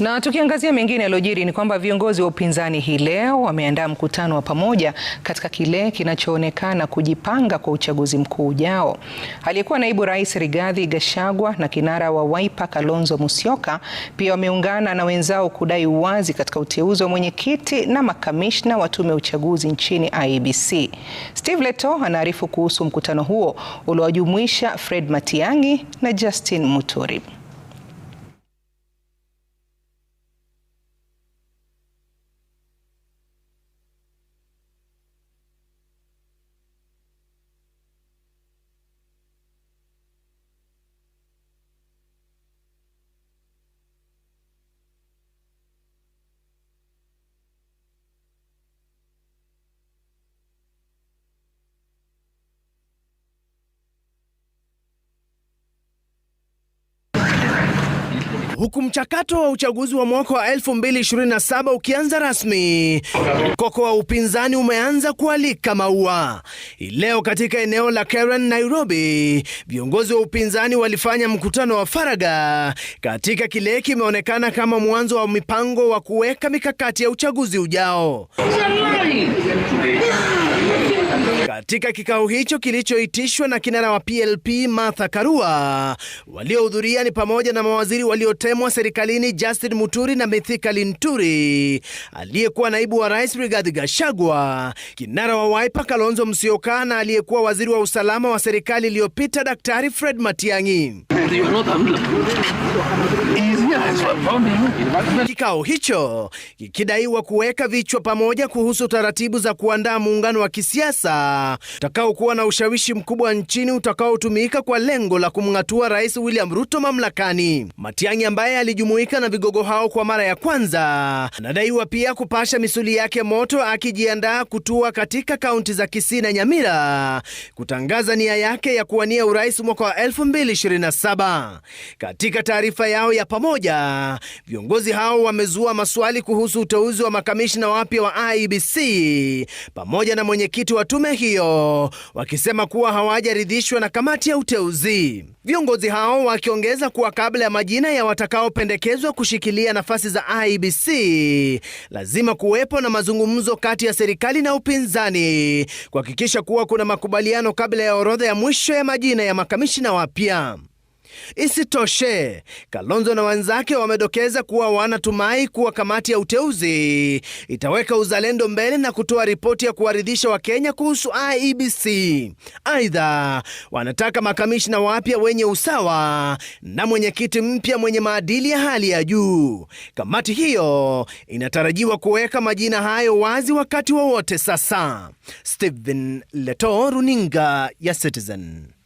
Na tukiangazia mengine yaliyojiri ni kwamba viongozi wa upinzani hii leo wameandaa mkutano wa pamoja katika kile kinachoonekana kujipanga kwa uchaguzi mkuu ujao. Aliyekuwa naibu rais Rigathi Gachagua na kinara wa Wiper Kalonzo Musyoka pia wameungana na wenzao kudai uwazi katika uteuzi wa mwenyekiti na makamishna wa tume ya uchaguzi nchini IEBC. Steve Leto anaarifu kuhusu mkutano huo uliowajumuisha Fred Matiang'i na Justin Muturi. huku mchakato wa uchaguzi wa mwaka wa 2027 ukianza rasmi, koko wa upinzani umeanza kualika maua. Leo katika eneo la Karen, Nairobi, viongozi wa upinzani walifanya mkutano wa faraga katika kile kimeonekana kama mwanzo wa mipango wa kuweka mikakati ya uchaguzi ujao. Katika kikao hicho kilichoitishwa na kinara wa PLP Martha Karua, waliohudhuria ni pamoja na mawaziri waliotemwa serikalini Justin Muturi na Mithika Linturi, aliyekuwa naibu wa rais Rigathi Gachagua, kinara wa Wiper Kalonzo Musyoka na aliyekuwa waziri wa usalama wa serikali iliyopita Daktari Fred Matiang'i. Kikao hicho kikidaiwa kuweka vichwa pamoja kuhusu taratibu za kuandaa muungano wa kisiasa utakaokuwa na ushawishi mkubwa nchini utakaotumika kwa lengo la kumng'atua Rais William Ruto mamlakani. Matiang'i ambaye alijumuika na vigogo hao kwa mara ya kwanza anadaiwa pia kupasha misuli yake moto akijiandaa kutua katika kaunti za Kisii na Nyamira kutangaza nia yake ya kuwania urais mwaka wa 2027 saba. Katika taarifa yao ya pamoja, viongozi hao wamezua maswali kuhusu uteuzi wa makamishna wapya wa IEBC pamoja na mwenyekiti wa tume hiyo, wakisema kuwa hawajaridhishwa na kamati ya uteuzi. Viongozi hao wakiongeza kuwa kabla ya majina ya watakaopendekezwa kushikilia nafasi za IEBC lazima kuwepo na mazungumzo kati ya serikali na upinzani kuhakikisha kuwa kuna makubaliano kabla ya orodha ya mwisho ya majina ya makamishina wapya. Isitoshe, Kalonzo na wenzake wamedokeza kuwa wanatumai kuwa kamati ya uteuzi itaweka uzalendo mbele na kutoa ripoti ya kuwaridhisha Wakenya kuhusu IEBC. Aidha, wanataka makamishna wapya wenye usawa na mwenyekiti mpya mwenye maadili ya hali ya juu. Kamati hiyo inatarajiwa kuweka majina hayo wazi wakati wowote wa sasa. Stephen Leto, runinga ya Citizen.